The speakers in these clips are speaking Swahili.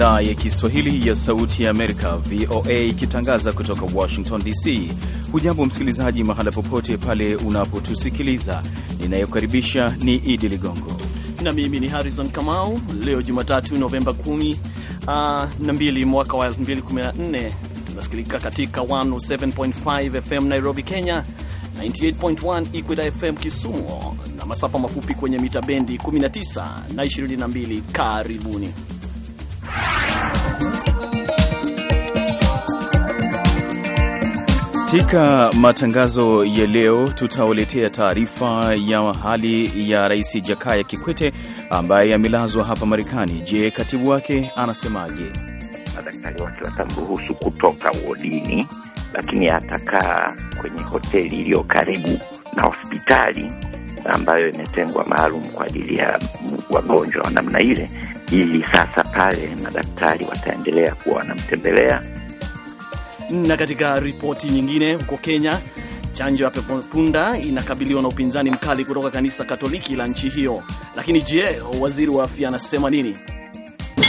idhaa ya Kiswahili ya Sauti ya Amerika, VOA, ikitangaza kutoka Washington DC. Hujambo msikilizaji, mahala popote pale unapotusikiliza. Ninayokaribisha ni Idi Ligongo na mimi ni Harrison Kamau. Leo Jumatatu, Novemba 12 ah, na mwaka wa 2014, tunasikilika katika 107.5 FM Nairobi, Kenya, 98.1 Equita FM Kisumu na masafa mafupi kwenye mita bendi 19 na 22. Karibuni. Katika matangazo ya leo tutawaletea taarifa ya hali ya Rais Jakaya Kikwete ambaye amelazwa hapa Marekani. Je, katibu wake anasemaje? Madaktari wake watamruhusu kutoka wodini, lakini atakaa kwenye hoteli iliyo karibu na hospitali ambayo imetengwa maalum kwa ajili ya wagonjwa wa namna ile, ili sasa pale madaktari wataendelea kuwa wanamtembelea. Na katika ripoti nyingine, huko Kenya, chanjo ya pepopunda inakabiliwa na upinzani mkali kutoka kanisa Katoliki la nchi hiyo. Lakini je, waziri wa afya anasema nini?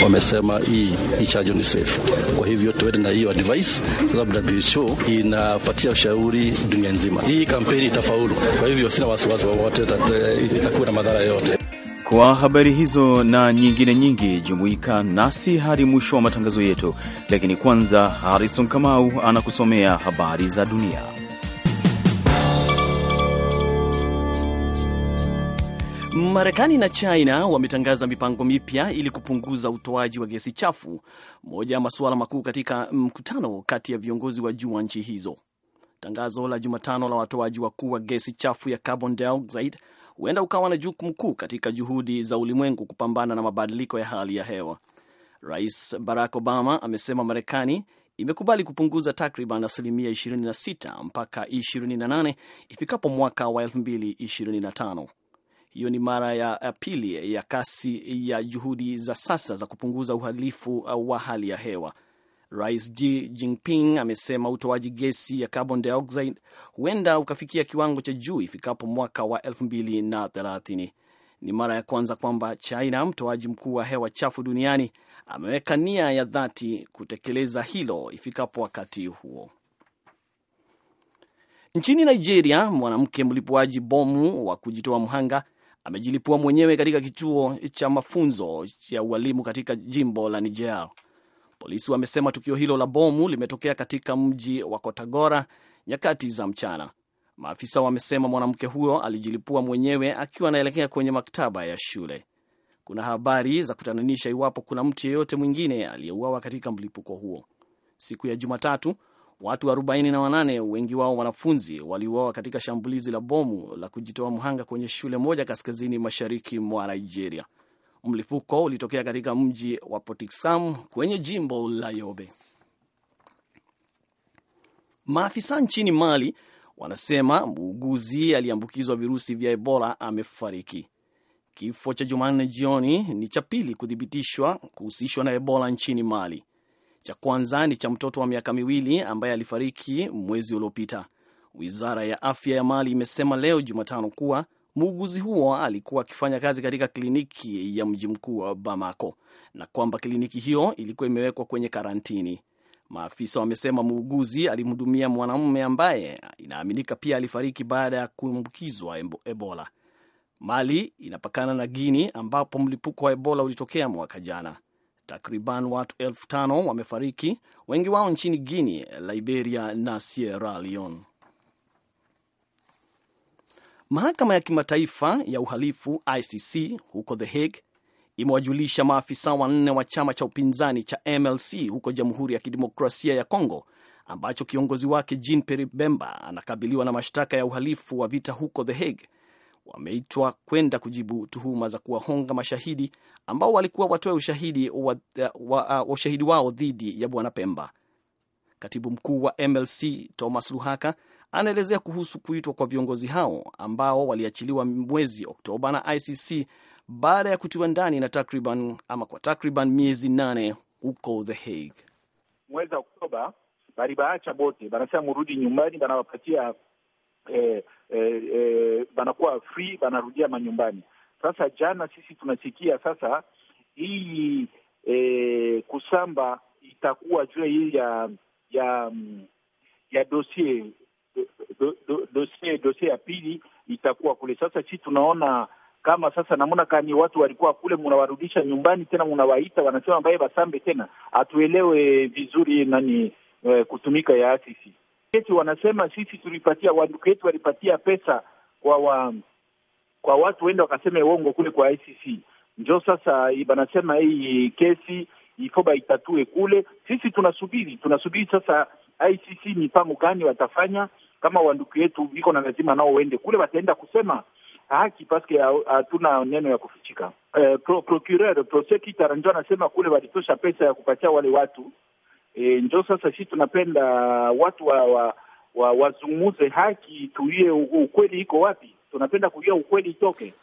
wamesema hii hii chanjo ni safe. Kwa hivyo tuende na hiyo advice, sababu WHO inapatia ushauri dunia nzima. Hii kampeni itafaulu, kwa hivyo sina wasiwasi wowote itakuwa na madhara yote. Kwa habari hizo na nyingine nyingi, jumuika nasi hadi mwisho wa matangazo yetu, lakini kwanza, Harrison Kamau anakusomea habari za dunia. Marekani na China wametangaza mipango mipya ili kupunguza utoaji wa gesi chafu, moja ya masuala makuu katika mkutano kati ya viongozi wa juu wa nchi hizo. Tangazo la Jumatano la watoaji wakuu wa gesi chafu ya carbon dioxide huenda ukawa na jukumu kuu katika juhudi za ulimwengu kupambana na mabadiliko ya hali ya hewa. Rais Barack Obama amesema Marekani imekubali kupunguza takriban asilimia 26 mpaka 28 ifikapo mwaka wa 2025. Hiyo ni mara ya, pili ya kasi ya juhudi za sasa za kupunguza uhalifu uh, wa hali ya hewa. Rais Xi Jinping amesema utoaji gesi ya carbon dioxide huenda ukafikia kiwango cha juu ifikapo mwaka wa 2030. Ni mara ya kwanza kwamba China, mtoaji mkuu wa hewa chafu duniani, ameweka nia ya dhati kutekeleza hilo ifikapo wakati huo. Nchini Nigeria, mwanamke mlipuaji bomu wa kujitoa mhanga amejilipua mwenyewe katika kituo cha mafunzo ya ualimu katika jimbo la Niger. Polisi wamesema tukio hilo la bomu limetokea katika mji wa Kotagora nyakati za mchana. Maafisa wamesema mwanamke huyo alijilipua mwenyewe akiwa anaelekea kwenye maktaba ya shule. Kuna habari za kutatanisha iwapo kuna mtu yeyote mwingine aliyeuawa katika mlipuko huo. Siku ya Jumatatu, Watu 48 wengi wao wanafunzi waliuawa katika shambulizi la bomu la kujitoa mhanga kwenye shule moja kaskazini mashariki mwa Nigeria. Mlipuko ulitokea katika mji wa Potiskum kwenye jimbo la Yobe. Maafisa nchini Mali wanasema muuguzi aliyeambukizwa virusi vya Ebola amefariki. Kifo cha Jumanne jioni ni cha pili kuthibitishwa kuhusishwa na Ebola nchini Mali. Cha kwanza ni cha mtoto wa miaka miwili ambaye alifariki mwezi uliopita. Wizara ya afya ya Mali imesema leo Jumatano kuwa muuguzi huo alikuwa akifanya kazi katika kliniki ya mji mkuu wa Bamako na kwamba kliniki hiyo ilikuwa imewekwa kwenye karantini. Maafisa wamesema muuguzi alimhudumia mwanamume ambaye inaaminika pia alifariki baada ya kuambukizwa Ebola. Mali inapakana na Guini ambapo mlipuko wa Ebola ulitokea mwaka jana. Takriban watu elfu tano wamefariki, wengi wao nchini Guinea, Liberia na Sierra Leone. Mahakama ya Kimataifa ya Uhalifu ICC huko The Hague imewajulisha maafisa wanne wa chama cha upinzani cha MLC huko Jamhuri ya Kidemokrasia ya Kongo ambacho kiongozi wake Jean Pierre Bemba anakabiliwa na mashtaka ya uhalifu wa vita huko The Hague wameitwa kwenda kujibu tuhuma za kuwahonga mashahidi ambao walikuwa watoe ushahidi wa, wa, wa, wa ushahidi wao dhidi ya bwana Pemba. Katibu mkuu wa MLC Thomas Luhaka anaelezea kuhusu kuitwa kwa viongozi hao ambao waliachiliwa mwezi Oktoba na ICC baada ya kutiwa ndani na takriban ama kwa takriban miezi nane huko The Hague. Mwezi Oktoba balibaacha bote, banasema murudi nyumbani, banawapatia eh, eh, eh, banakuwa free banarudia manyumbani. Sasa jana sisi tunasikia sasa hii eh, kusamba itakuwa juu hii ya ya ya dosie do, do, dosie dosie ya pili itakuwa kule. Sasa si tunaona kama sasa namuna kani watu walikuwa kule, munawarudisha nyumbani tena munawaita, wanasema ambaye basambe tena, atuelewe vizuri nani eh, kutumika ya asisi kesi wanasema sisi tulipatia waduketu walipatia pesa kwa wa, kwa watu wenda wakasema uongo kule kwa ICC. Njo sasa banasema hii kesi ifo baitatue kule. Sisi tunasubiri tunasubiri sasa ICC mipango gani watafanya, kama wanduku yetu viko na lazima nao wende kule, wataenda kusema haki paske hatuna neno ya kufichika. Eh, pro, procureur prosecutor njo anasema kule walitosha pesa ya kupatia wale watu E, njo sasa si tunapenda watu wa, wa, wa wazungumuze haki, tuie ukweli iko wapi. Tunapenda kujua ukweli itoke.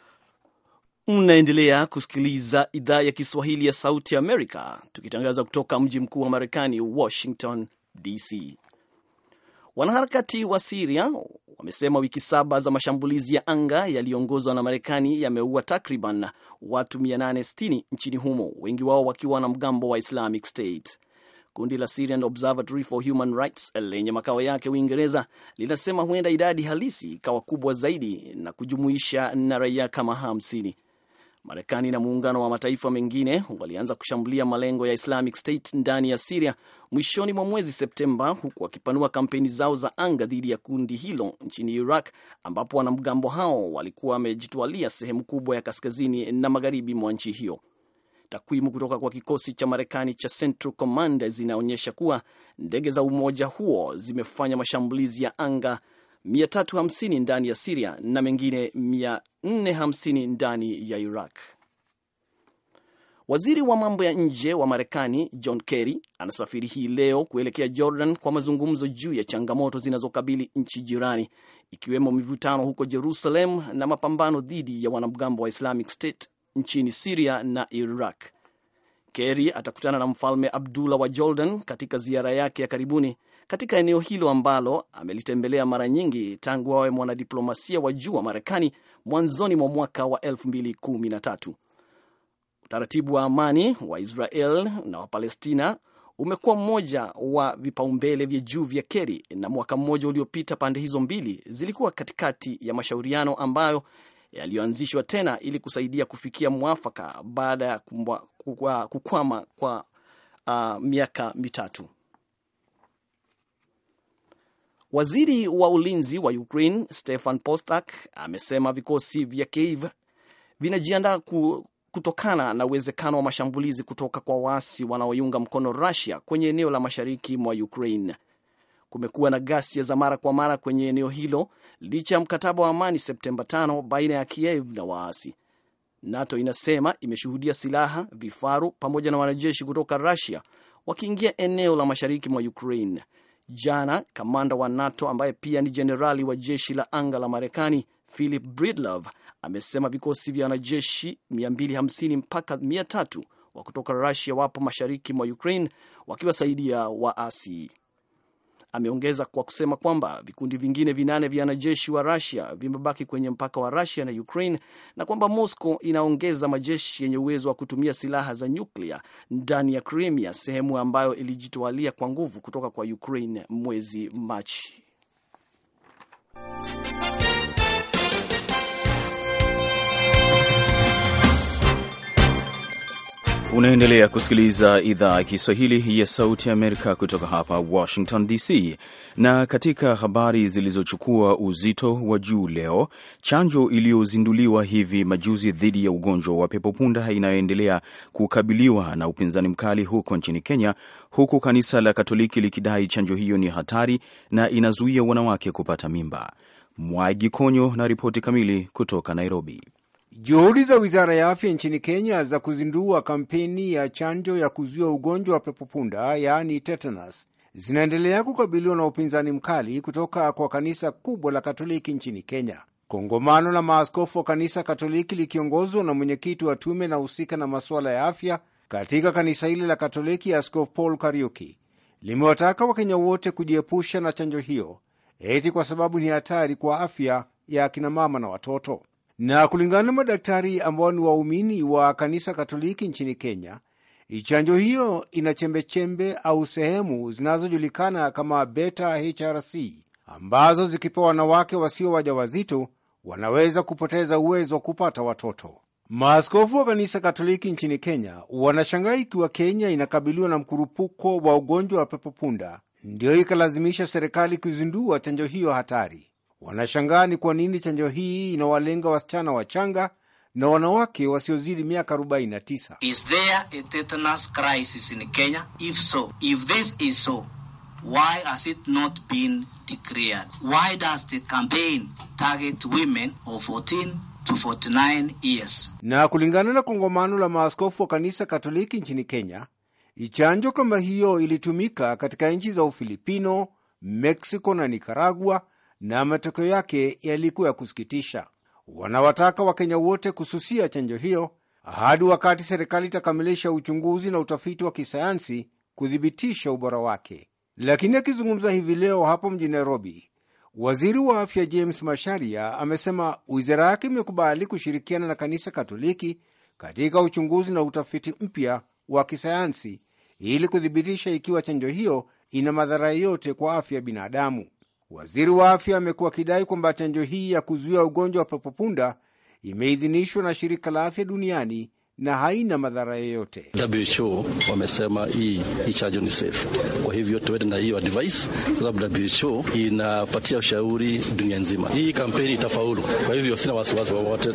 Mnaendelea kusikiliza idhaa ya Kiswahili ya Sauti Amerika, tukitangaza kutoka mji mkuu wa Marekani, Washington DC. Wanaharakati wa Siria wamesema wiki saba za mashambulizi ya anga yaliyoongozwa na Marekani yameua takriban watu 860 nchini humo, wengi wao wakiwa mgambo wa Islamic State. Kundi la Syrian Observatory for Human Rights lenye makao yake Uingereza linasema huenda idadi halisi ikawa kubwa zaidi na kujumuisha na raia kama hamsini. Marekani na muungano wa mataifa mengine walianza kushambulia malengo ya Islamic State ndani ya Siria mwishoni mwa mwezi Septemba, huku wakipanua kampeni zao za anga dhidi ya kundi hilo nchini Iraq, ambapo wanamgambo hao walikuwa wamejitwalia sehemu kubwa ya kaskazini na magharibi mwa nchi hiyo. Takwimu kutoka kwa kikosi cha Marekani cha Central Command zinaonyesha kuwa ndege za umoja huo zimefanya mashambulizi ya anga 350 ndani ya Siria na mengine 450 ndani ya Iraq. Waziri wa mambo ya nje wa Marekani John Kerry anasafiri hii leo kuelekea Jordan kwa mazungumzo juu ya changamoto zinazokabili nchi jirani ikiwemo mivutano huko Jerusalem na mapambano dhidi ya wanamgambo wa Islamic State nchini Siria na Iraq. Kerry atakutana na mfalme Abdullah wa Jordan katika ziara yake ya karibuni katika eneo hilo ambalo amelitembelea mara nyingi tangu awe mwanadiplomasia wa juu wa Marekani mwanzoni mwa mwaka wa 2013. Utaratibu wa amani wa Israel na wa Palestina umekuwa mmoja wa vipaumbele vya juu vya Kerry, na mwaka mmoja uliopita pande hizo mbili zilikuwa katikati ya mashauriano ambayo yaliyoanzishwa tena ili kusaidia kufikia mwafaka baada ya kukwama kwa uh, miaka mitatu. Waziri wa ulinzi wa Ukraine Stefan Postak amesema vikosi vya Kiev vinajiandaa kutokana na uwezekano wa mashambulizi kutoka kwa waasi wanaoiunga mkono Russia kwenye eneo la mashariki mwa Ukraine. Kumekuwa na ghasia za mara kwa mara kwenye eneo hilo licha ya mkataba wa amani Septemba 5 baina ya Kiev na waasi. NATO inasema imeshuhudia silaha, vifaru pamoja na wanajeshi kutoka Russia wakiingia eneo la mashariki mwa Ukraine. Jana kamanda wa NATO ambaye pia ni jenerali wa jeshi la anga la Marekani Philip Bridlov amesema vikosi vya wanajeshi 250 mpaka 300 wa kutoka Russia wapo mashariki mwa Ukraine wakiwasaidia waasi. Ameongeza kwa kusema kwamba vikundi vingine vinane vya wanajeshi wa Rusia vimebaki kwenye mpaka wa Rusia na Ukraine na kwamba Moscow inaongeza majeshi yenye uwezo wa kutumia silaha za nyuklia ndani ya Crimea, sehemu ambayo ilijitwalia kwa nguvu kutoka kwa Ukraine mwezi Machi. Unaendelea kusikiliza idhaa ya Kiswahili ya Sauti ya Amerika kutoka hapa Washington DC. Na katika habari zilizochukua uzito wa juu leo, chanjo iliyozinduliwa hivi majuzi dhidi ya ugonjwa wa pepo punda inayoendelea kukabiliwa na upinzani mkali huko nchini Kenya, huku kanisa la Katoliki likidai chanjo hiyo ni hatari na inazuia wanawake kupata mimba. Mwagi Konyo na ripoti kamili kutoka Nairobi. Juhudi za wizara ya afya nchini Kenya za kuzindua kampeni ya chanjo ya kuzuia ugonjwa wa pepopunda yaani tetanus zinaendelea kukabiliwa na upinzani mkali kutoka kwa kanisa kubwa la Katoliki nchini Kenya. Kongamano la maaskofu wa kanisa Katoliki likiongozwa na mwenyekiti wa tume na husika na masuala ya afya katika kanisa hili la Katoliki, Askofu Paul Kariuki, limewataka Wakenya wote kujiepusha na chanjo hiyo eti kwa sababu ni hatari kwa afya ya akinamama na watoto. Na kulingana na madaktari ambao ni waumini wa kanisa Katoliki nchini Kenya, chanjo hiyo ina chembechembe au sehemu zinazojulikana kama beta HRC ambazo zikipewa wanawake wasio wajawazito wanaweza kupoteza uwezo wa kupata watoto. Maaskofu wa kanisa Katoliki nchini Kenya wanashangaa ikiwa Kenya inakabiliwa na mkurupuko wa ugonjwa wa pepo punda, ndiyo ikalazimisha serikali kuzindua chanjo hiyo hatari. Wanashangaa ni kwa nini chanjo hii inawalenga wasichana wachanga na wanawake wasiozidi miaka 49. Na kulingana na kongamano la maaskofu wa kanisa Katoliki nchini Kenya, ichanjo kama hiyo ilitumika katika nchi za Ufilipino, meksiko na nikaragua na matokeo yake yalikuwa ya kusikitisha. Wanawataka Wakenya wote kususia chanjo hiyo hadi wakati serikali itakamilisha uchunguzi na utafiti wa kisayansi kuthibitisha ubora wake. Lakini akizungumza hivi leo hapo mjini Nairobi, waziri wa afya James Masharia amesema wizara yake imekubali kushirikiana na kanisa Katoliki katika uchunguzi na utafiti mpya wa kisayansi ili kuthibitisha ikiwa chanjo hiyo ina madhara yote kwa afya ya binadamu. Waziri wa afya amekuwa akidai kwamba chanjo hii ya kuzuia ugonjwa wa pepopunda imeidhinishwa na shirika la afya duniani na haina madhara yoyote. WHO wamesema hii hii chanjo ni safe, kwa hivyo tuende na hiyo advice, kwa sababu WHO inapatia ushauri dunia nzima. Hii kampeni itafaulu, kwa hivyo sina wasiwasi wowote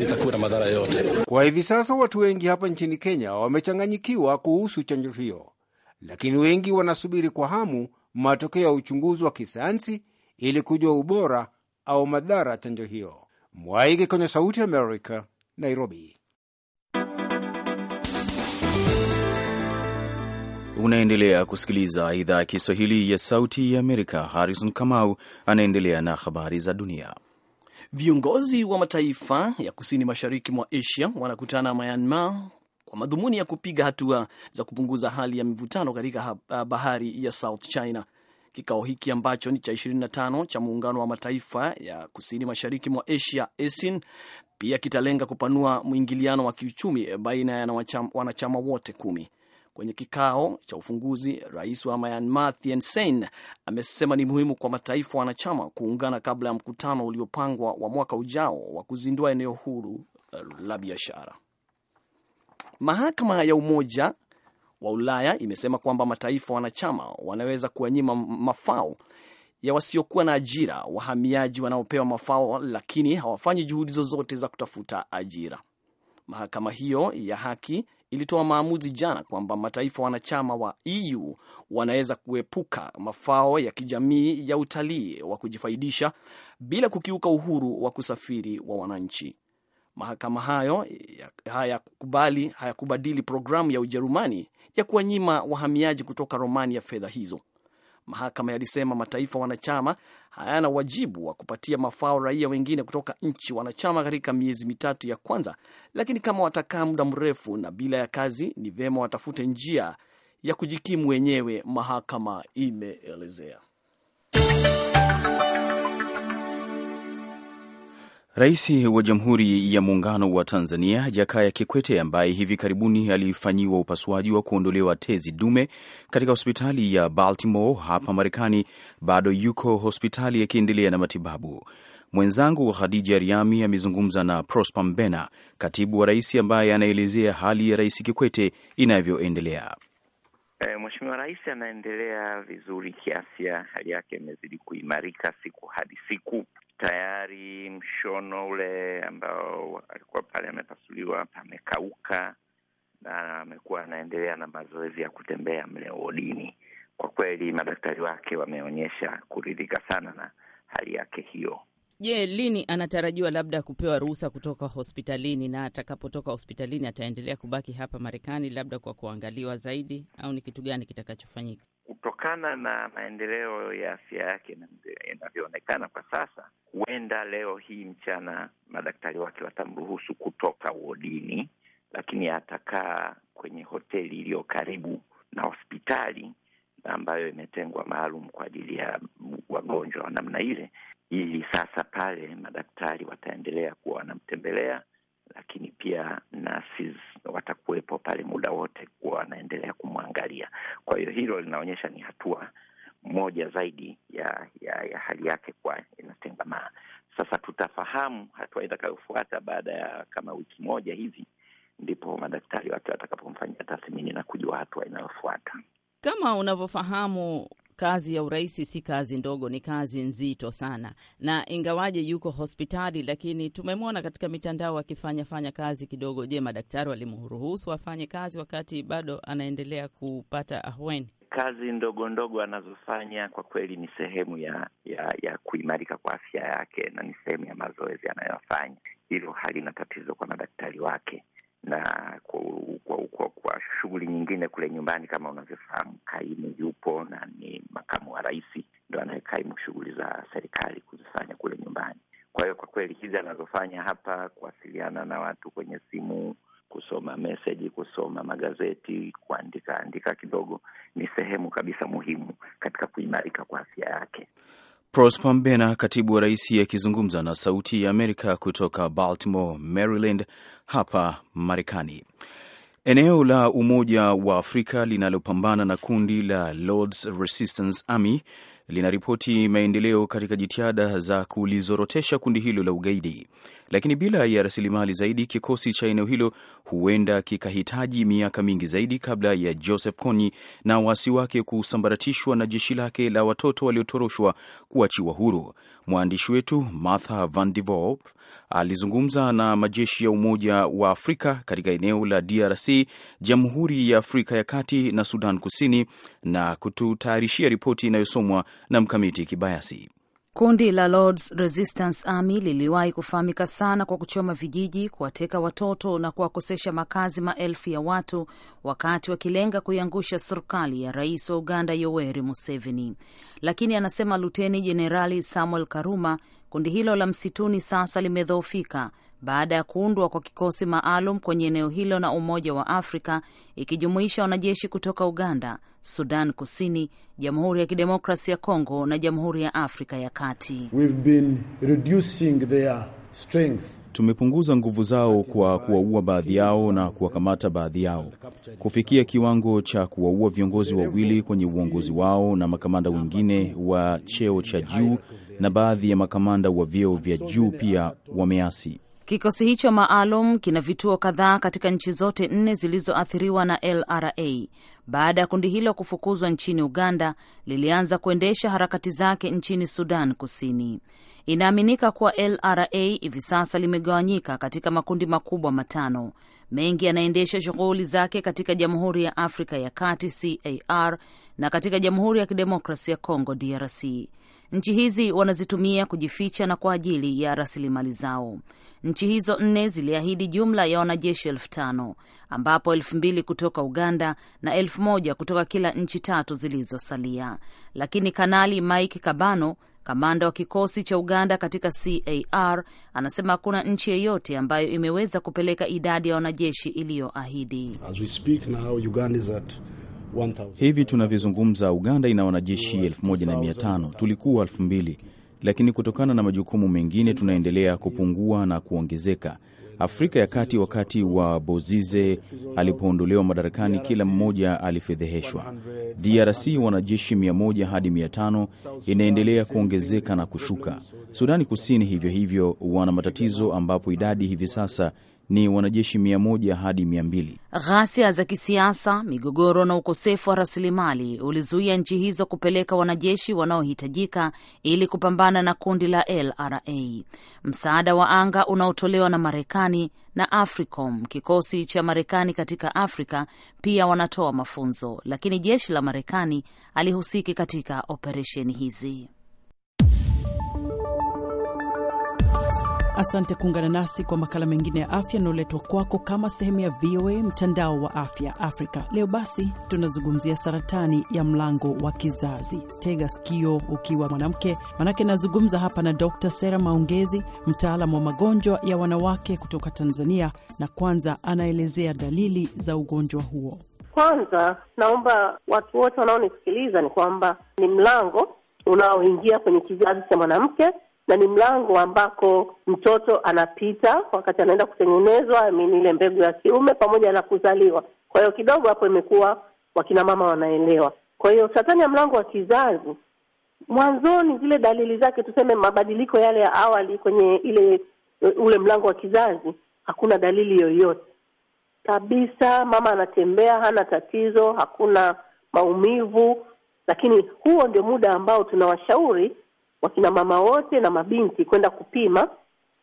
itakuwa na madhara yoyote. Kwa hivi sasa watu wengi hapa nchini Kenya wamechanganyikiwa kuhusu chanjo hiyo, lakini wengi wanasubiri kwa hamu matokeo ya uchunguzi wa kisayansi ili kujua ubora au madhara ya chanjo hiyo. Mwaige kwenye Sauti ya Amerika, Nairobi. Unaendelea kusikiliza idhaa ya Kiswahili ya Sauti ya Amerika. Harrison Kamau anaendelea na habari za dunia. Viongozi wa mataifa ya kusini mashariki mwa Asia wanakutana Myanmar kwa madhumuni ya kupiga hatua za kupunguza hali ya mivutano katika ah, bahari ya South China. Kikao hiki ambacho ni cha 25 cha muungano wa mataifa ya kusini mashariki mwa Asia ASEAN pia kitalenga kupanua mwingiliano wa kiuchumi baina ya wanachama wote kumi. Kwenye kikao cha ufunguzi, rais wa Myanmar Thein Sein amesema ni muhimu kwa mataifa wanachama kuungana kabla ya mkutano uliopangwa wa mwaka ujao wa kuzindua eneo huru la biashara. Mahakama ya Umoja wa Ulaya imesema kwamba mataifa wanachama wanaweza kuwanyima mafao ya wasiokuwa na ajira wahamiaji wanaopewa mafao, lakini hawafanyi juhudi zozote za kutafuta ajira. Mahakama hiyo ya haki ilitoa maamuzi jana kwamba mataifa wanachama wa EU wanaweza kuepuka mafao ya kijamii ya utalii wa kujifaidisha bila kukiuka uhuru wa kusafiri wa wananchi. Mahakama hayo hayakubali hayakubadili programu ya Ujerumani ya kuwanyima wahamiaji kutoka Romania fedha hizo. Mahakama yalisema mataifa wanachama hayana wajibu wa kupatia mafao raia wengine kutoka nchi wanachama katika miezi mitatu ya kwanza, lakini kama watakaa muda mrefu na bila ya kazi, ni vyema watafute njia ya kujikimu wenyewe, mahakama imeelezea. Rais wa Jamhuri ya Muungano wa Tanzania Jakaya Kikwete, ambaye hivi karibuni alifanyiwa upasuaji wa kuondolewa tezi dume katika hospitali ya Baltimore hapa Marekani, bado yuko hospitali akiendelea na matibabu. Mwenzangu Khadija Riami amezungumza na Prosper Mbena, katibu wa rais, ambaye anaelezea hali ya Rais Kikwete inavyoendelea. E, Mheshimiwa Rais anaendelea vizuri kiafya, hali yake imezidi kuimarika siku hadi siku tayari mshono ule ambao alikuwa pale amepasuliwa pamekauka, na amekuwa anaendelea na mazoezi ya kutembea mle wodini. Kwa kweli madaktari wake wameonyesha kuridhika sana na hali yake hiyo. Je, lini anatarajiwa labda kupewa ruhusa kutoka hospitalini? Na atakapotoka hospitalini ataendelea kubaki hapa Marekani labda kwa kuangaliwa zaidi, au ni kitu gani kitakachofanyika? kutokana na maendeleo ya afya yake yanavyoonekana kwa sasa, huenda leo hii mchana madaktari wake watamruhusu kutoka wodini, lakini atakaa kwenye hoteli iliyo karibu na hospitali ambayo imetengwa maalum kwa ajili ya wagonjwa wa namna ile, ili sasa pale madaktari wataendelea kuwa wanamtembelea, lakini pia nurses watakuwepo pale muda wote walikuwa wanaendelea kumwangalia. Kwa hiyo hilo linaonyesha ni hatua moja zaidi ya ya, ya hali yake kuwa inatengamaa. Sasa tutafahamu hatua itakayofuata baada ya kama wiki moja hivi, ndipo madaktari wake watakapomfanyia tathmini na kujua hatua inayofuata. Kama unavyofahamu Kazi ya urais si kazi ndogo, ni kazi nzito sana, na ingawaje yuko hospitali, lakini tumemwona katika mitandao akifanya fanya kazi kidogo. Je, madaktari walimruhusu afanye kazi wakati bado anaendelea kupata ahueni? Kazi ndogo ndogo anazofanya kwa kweli ni sehemu ya ya, ya kuimarika kwa afya yake na ni sehemu ya mazoezi anayofanya. Hilo halina tatizo kwa madaktari wake na kwa, kwa, kwa, kwa shughuli nyingine kule nyumbani. Kama unavyofahamu, kaimu yupo na ni makamu wa rais, ndo anayekaimu shughuli za serikali kuzifanya kule nyumbani. Kwa hiyo kwa kweli hizi anazofanya hapa, kuwasiliana na watu kwenye simu, kusoma meseji, kusoma magazeti, kuandika andika kidogo, ni sehemu kabisa muhimu katika kuimarika kwa afya yake. Prosper Mbena, katibu wa rais, akizungumza na Sauti ya Amerika kutoka Baltimore, Maryland, hapa Marekani. Eneo la Umoja wa Afrika linalopambana na kundi la Lords Resistance Army linaripoti maendeleo katika jitihada za kulizorotesha kundi hilo la ugaidi, lakini bila ya rasilimali zaidi, kikosi cha eneo hilo huenda kikahitaji miaka mingi zaidi kabla ya Joseph Kony na waasi wake kusambaratishwa na jeshi lake la watoto waliotoroshwa kuachiwa huru. Mwandishi wetu Martha Van Devop alizungumza na majeshi ya Umoja wa Afrika katika eneo la DRC, Jamhuri ya Afrika ya Kati na Sudan Kusini na kututayarishia ripoti inayosomwa na Mkamiti Kibayasi. Kundi la Lords Resistance Army liliwahi kufahamika sana kwa kuchoma vijiji, kuwateka watoto na kuwakosesha makazi maelfu ya watu wakati wakilenga kuiangusha serikali ya rais wa Uganda Yoweri Museveni. Lakini anasema Luteni Jenerali Samuel Karuma, kundi hilo la msituni sasa limedhoofika baada ya kuundwa kwa kikosi maalum kwenye eneo hilo na Umoja wa Afrika ikijumuisha wanajeshi kutoka Uganda, Sudan Kusini, Jamhuri ya Kidemokrasi ya Kongo na Jamhuri ya Afrika ya Kati. We've been reducing their strength. Tumepunguza nguvu zao kwa kuwaua baadhi yao na kuwakamata baadhi yao kufikia kiwango cha kuwaua viongozi wawili kwenye uongozi wao na makamanda wengine wa cheo cha juu na baadhi ya makamanda wa vyeo vya juu pia wameasi. Kikosi hicho maalum kina vituo kadhaa katika nchi zote nne zilizoathiriwa na LRA. Baada ya kundi hilo kufukuzwa nchini Uganda, lilianza kuendesha harakati zake nchini Sudan Kusini. Inaaminika kuwa LRA hivi sasa limegawanyika katika makundi makubwa matano. Mengi yanaendesha shughuli zake katika Jamhuri ya Afrika ya Kati CAR na katika Jamhuri ya Kidemokrasia ya Kongo DRC. Nchi hizi wanazitumia kujificha na kwa ajili ya rasilimali zao. Nchi hizo nne ziliahidi jumla ya wanajeshi elfu tano ambapo elfu mbili kutoka Uganda na elfu moja kutoka kila nchi tatu zilizosalia. Lakini Kanali Mike Kabano, kamanda wa kikosi cha Uganda katika CAR, anasema hakuna nchi yeyote ambayo imeweza kupeleka idadi ya wanajeshi iliyoahidi. Hivi tunavyozungumza, Uganda ina wanajeshi 15 Tulikuwa elfu lakini kutokana na majukumu mengine tunaendelea kupungua na kuongezeka. Afrika ya Kati, wakati wa Bozize alipoondolewa madarakani, kila mmoja alifedheheshwa. DRC wanajeshi 100 hadi 500, inaendelea kuongezeka na kushuka. Sudani Kusini hivyo hivyo, wana matatizo ambapo idadi hivi sasa ni wanajeshi mia moja hadi mia mbili. Ghasia za kisiasa, migogoro na ukosefu wa rasilimali ulizuia nchi hizo kupeleka wanajeshi wanaohitajika ili kupambana na kundi la LRA. Msaada wa anga unaotolewa na Marekani na AFRICOM, kikosi cha Marekani katika Afrika, pia wanatoa mafunzo, lakini jeshi la Marekani alihusiki katika operesheni hizi. Asante kuungana nasi kwa makala mengine ya afya yanayoletwa kwako kama sehemu ya VOA mtandao wa afya Afrika. Leo basi tunazungumzia saratani ya mlango wa kizazi. Tega sikio ukiwa mwanamke, manake nazungumza hapa na Dr. Sera Maongezi, mtaalam wa magonjwa ya wanawake kutoka Tanzania, na kwanza anaelezea dalili za ugonjwa huo. Kwanza naomba watu wote wanaonisikiliza ni kwamba ni mlango unaoingia kwenye kizazi cha mwanamke na ni mlango ambako mtoto anapita wakati anaenda kutengenezwa mini ile mbegu ya kiume pamoja na kuzaliwa. Kwa hiyo kidogo hapo imekuwa wakina mama wanaelewa. Kwa hiyo saratani ya mlango wa kizazi mwanzoni, zile dalili zake, tuseme mabadiliko yale ya awali kwenye ile eh, ule mlango wa kizazi, hakuna dalili yoyote kabisa. Mama anatembea hana tatizo, hakuna maumivu, lakini huo ndio muda ambao tunawashauri wakina mama wote na mabinti kwenda kupima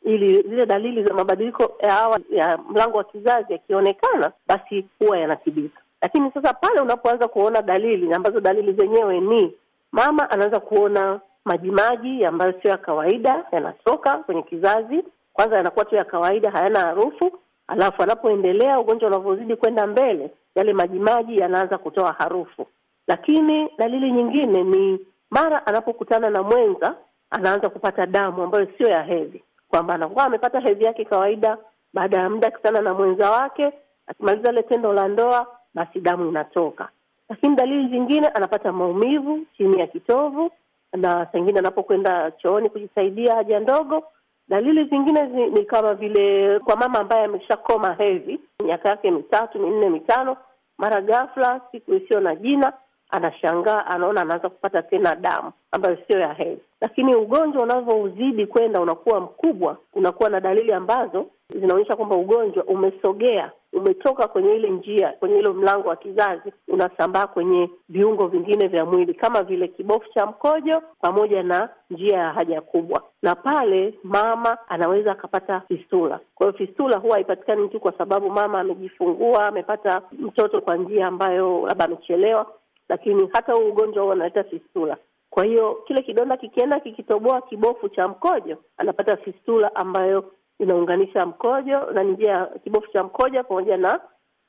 ili zile dalili za mabadiliko ya awali ya mlango wa kizazi yakionekana, basi huwa yanatibika. Lakini sasa pale unapoanza kuona dalili ambazo dalili zenyewe ni mama anaanza kuona majimaji ambayo sio ya kawaida, yanatoka kwenye kizazi, kwanza yanakuwa tu ya kawaida, hayana harufu. Alafu anapoendelea ugonjwa unavyozidi kwenda mbele, yale majimaji yanaanza kutoa harufu. Lakini dalili nyingine ni mara anapokutana na mwenza anaanza kupata damu ambayo sio ya hedhi, kwamba anakuwa amepata hedhi yake kawaida, baada ya muda akikutana na mwenza wake, akimaliza ile tendo la ndoa, basi damu inatoka. Lakini dalili zingine, anapata maumivu chini ya kitovu, na sengine anapokwenda chooni kujisaidia haja ndogo. Dalili zingine zi, ni kama vile kwa mama ambaye ameshakoma hedhi miaka yake mitatu minne mitano, mara ghafla siku isiyo na jina anashangaa, anaona anaanza kupata tena damu ambayo sio ya hedhi. Lakini ugonjwa unavyouzidi kwenda unakuwa mkubwa, unakuwa na dalili ambazo zinaonyesha kwamba ugonjwa umesogea, umetoka kwenye ile njia, kwenye ile mlango wa kizazi, unasambaa kwenye viungo vingine vya mwili kama vile kibofu cha mkojo pamoja na njia ya haja kubwa, na pale mama anaweza akapata fistula. Kwa hiyo fistula huwa haipatikani tu kwa sababu mama amejifungua, amepata mtoto kwa njia ambayo labda amechelewa lakini hata huu ugonjwa huu analeta fistula. Kwa hiyo kile kidonda kikienda kikitoboa kibofu cha mkojo, anapata fistula ambayo inaunganisha mkojo na njia ya kibofu cha mkojo pamoja na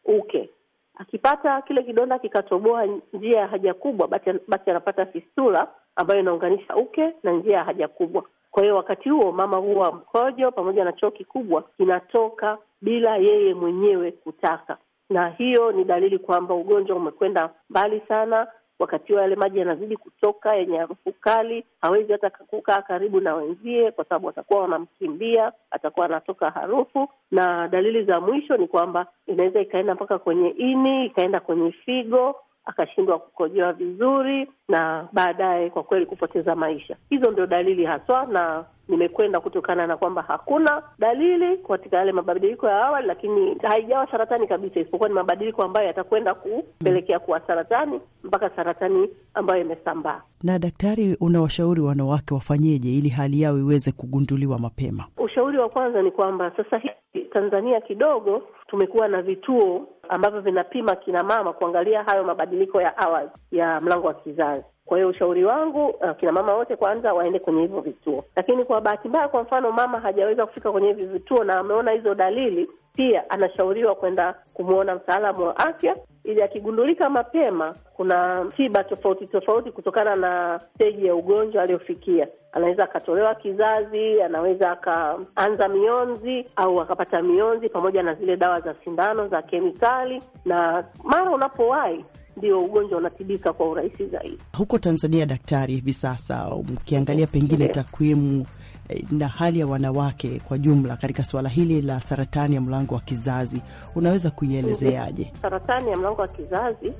uke. Akipata kile kidonda kikatoboa njia ya haja kubwa, basi anapata fistula ambayo inaunganisha uke na njia ya haja kubwa. Kwa hiyo wakati huo mama huwa mkojo pamoja na choo kikubwa kinatoka bila yeye mwenyewe kutaka na hiyo ni dalili kwamba ugonjwa umekwenda mbali sana. Wakati huo yale maji yanazidi kutoka yenye harufu kali, hawezi hata kukaa karibu na wenzie kwa sababu watakuwa wanamkimbia, atakuwa anatoka harufu. Na dalili za mwisho ni kwamba inaweza ikaenda mpaka kwenye ini, ikaenda kwenye figo, akashindwa kukojoa vizuri, na baadaye kwa kweli kupoteza maisha. Hizo ndio dalili haswa na nimekwenda kutokana na kwamba hakuna dalili katika yale mabadiliko ya awali, lakini haijawa saratani kabisa, isipokuwa ni mabadiliko ambayo yatakwenda kupelekea kuwa saratani mpaka saratani ambayo imesambaa. Na daktari, unawashauri wanawake wafanyeje ili hali yao iweze kugunduliwa mapema? Ushauri wa kwanza ni kwamba sasa hivi Tanzania kidogo tumekuwa na vituo ambavyo vinapima kina mama kuangalia hayo mabadiliko ya awali ya mlango wa kizazi kwa hiyo ushauri wangu uh, kina mama wote kwanza waende kwenye hivyo vituo, lakini kwa bahati mbaya, kwa mfano mama hajaweza kufika kwenye hivi vituo na ameona hizo dalili, pia anashauriwa kwenda kumwona mtaalamu wa afya ili akigundulika mapema, kuna tiba tofauti tofauti kutokana na steji ya ugonjwa aliyofikia. Anaweza akatolewa kizazi, anaweza akaanza mionzi au akapata mionzi, pamoja na zile dawa za sindano za kemikali, na mara unapowahi ndio ugonjwa unatibika kwa urahisi zaidi. Huko Tanzania, daktari, hivi sasa mkiangalia pengine takwimu eh, na hali ya wanawake kwa jumla katika suala hili la saratani ya mlango wa kizazi unaweza kuielezeaje? Saratani ya mlango wa kizazi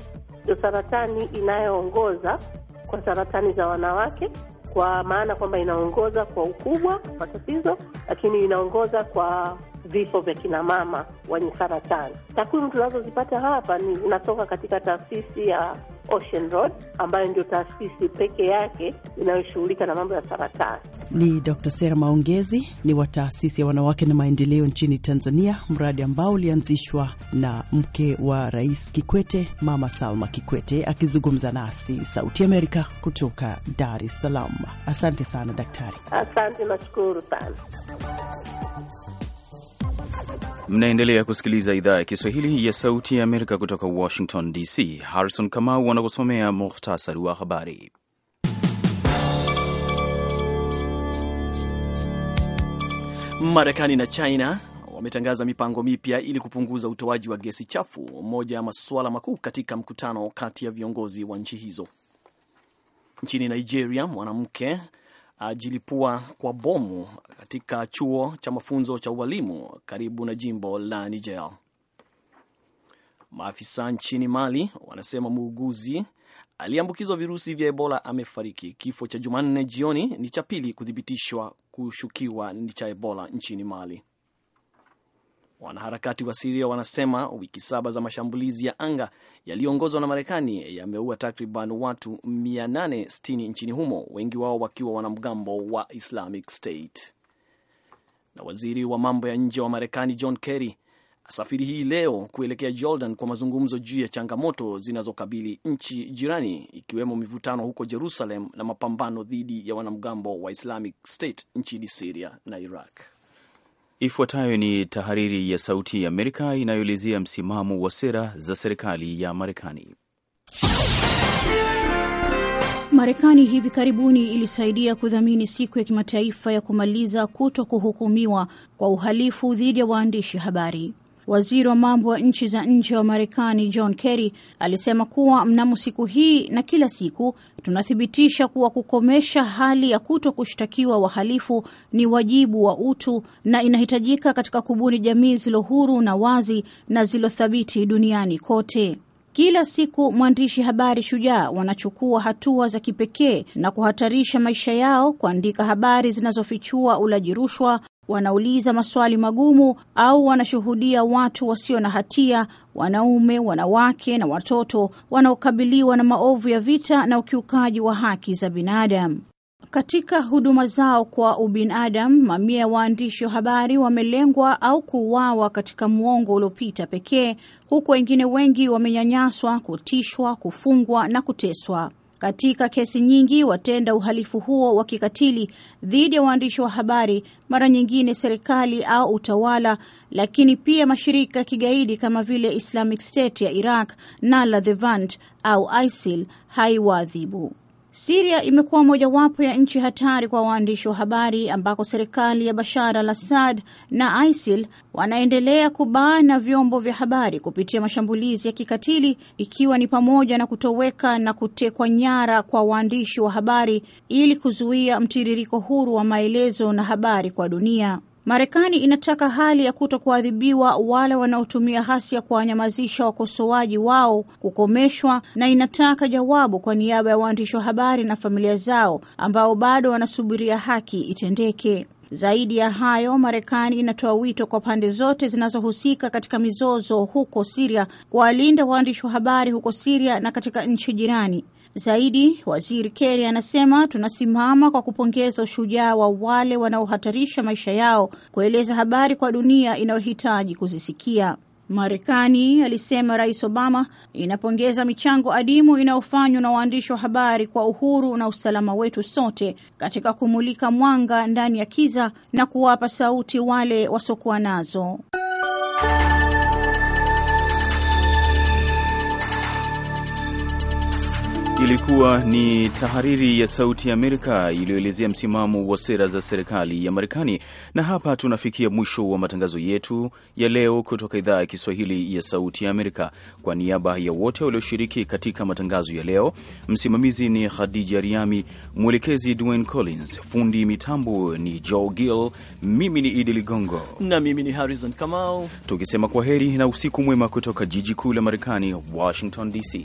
ndio saratani inayoongoza kwa saratani za wanawake, kwa maana kwamba inaongoza kwa ukubwa matatizo lakini inaongoza kwa vifo vya kinamama wenye saratani. Takwimu tunazozipata hapa ni zinatoka katika taasisi ya Ocean Road ambayo ndio taasisi peke yake inayoshughulika na mambo ya saratani. Ni Dr. Sera Maongezi ni wa taasisi ya wanawake na maendeleo nchini Tanzania, mradi ambao ulianzishwa na mke wa Rais Kikwete, Mama Salma Kikwete, akizungumza nasi Sauti Amerika kutoka Dar es Salaam. Asante sana daktari. Asante, nashukuru sana. Mnaendelea kusikiliza idhaa ya Kiswahili ya Sauti ya Amerika kutoka Washington DC. Harrison Kamau anakusomea muhtasari wa habari. Marekani na China wametangaza mipango mipya ili kupunguza utoaji wa gesi chafu, moja ya masuala makuu katika mkutano kati ya viongozi wa nchi hizo. Nchini Nigeria, mwanamke ajilipua kwa bomu katika chuo cha mafunzo cha ualimu karibu na jimbo la Niger. Maafisa nchini Mali wanasema muuguzi aliyeambukizwa virusi vya Ebola amefariki. Kifo cha Jumanne jioni ni cha pili kuthibitishwa kushukiwa ni cha Ebola nchini Mali. Wanaharakati wa Siria wanasema wiki saba za mashambulizi ya anga yaliyoongozwa na Marekani yameua takriban watu 860 nchini humo, wengi wao wakiwa wanamgambo wa Islamic State. Na waziri wa mambo ya nje wa Marekani John Kerry asafiri hii leo kuelekea Jordan kwa mazungumzo juu ya changamoto zinazokabili nchi jirani ikiwemo mivutano huko Jerusalem na mapambano dhidi ya wanamgambo wa Islamic State nchini Siria na Iraq. Ifuatayo ni tahariri ya Sauti ya Amerika inayoelezea msimamo wa sera za serikali ya Marekani. Marekani hivi karibuni ilisaidia kudhamini siku ya kimataifa ya kumaliza kuto kuhukumiwa kwa uhalifu dhidi ya waandishi habari. Waziri wa mambo ya nchi za nje wa Marekani John Kerry alisema kuwa mnamo siku hii na kila siku tunathibitisha kuwa kukomesha hali ya kuto kushtakiwa wahalifu ni wajibu wa utu na inahitajika katika kubuni jamii zilo huru na wazi na zilothabiti duniani kote. Kila siku mwandishi habari shujaa wanachukua hatua za kipekee na kuhatarisha maisha yao kuandika habari zinazofichua ulaji rushwa, wanauliza maswali magumu au wanashuhudia watu wasio na hatia, wanaume, wanawake na watoto wanaokabiliwa na maovu ya vita na ukiukaji wa haki za binadamu. Katika huduma zao kwa ubinadamu, mamia ya waandishi wa habari wamelengwa au kuuawa katika mwongo uliopita pekee, huku wengine wengi wamenyanyaswa, kutishwa, kufungwa na kuteswa. Katika kesi nyingi watenda uhalifu huo wa kikatili dhidi ya waandishi wa habari, mara nyingine serikali au utawala, lakini pia mashirika ya kigaidi kama vile Islamic State ya Iraq na la Levant au ISIL haiwaadhibu. Siria imekuwa mojawapo ya nchi hatari kwa waandishi wa habari ambako serikali ya Bashar al Assad na ISIL wanaendelea kubana vyombo vya habari kupitia mashambulizi ya kikatili, ikiwa ni pamoja na kutoweka na kutekwa nyara kwa waandishi wa habari ili kuzuia mtiririko huru wa maelezo na habari kwa dunia. Marekani inataka hali ya kuto kuadhibiwa wale wanaotumia hasia kuwanyamazisha wakosoaji wao kukomeshwa, na inataka jawabu kwa niaba ya waandishi wa habari na familia zao ambao bado wanasubiria haki itendeke. Zaidi ya hayo, Marekani inatoa wito kwa pande zote zinazohusika katika mizozo huko Siria kuwalinda waandishi wa habari huko Siria na katika nchi jirani zaidi, Waziri Kerry anasema tunasimama kwa kupongeza ushujaa wa wale wanaohatarisha maisha yao kueleza habari kwa dunia inayohitaji kuzisikia. Marekani, alisema Rais Obama, inapongeza michango adimu inayofanywa na waandishi wa habari kwa uhuru na usalama wetu sote katika kumulika mwanga ndani ya kiza na kuwapa sauti wale wasiokuwa nazo. ilikuwa ni tahariri ya Sauti ya Amerika iliyoelezea msimamo wa sera za serikali ya Marekani. Na hapa tunafikia mwisho wa matangazo yetu ya leo kutoka idhaa ya Kiswahili ya Sauti ya Amerika. Kwa niaba ya wote walioshiriki katika matangazo ya leo, msimamizi ni Khadija Riami, mwelekezi Dwayne Collins, fundi mitambo ni Joe Gill, mimi ni Idi Ligongo na mimi ni Harrison Kamau, tukisema kwa heri na usiku mwema kutoka jiji kuu la Marekani, Washington DC.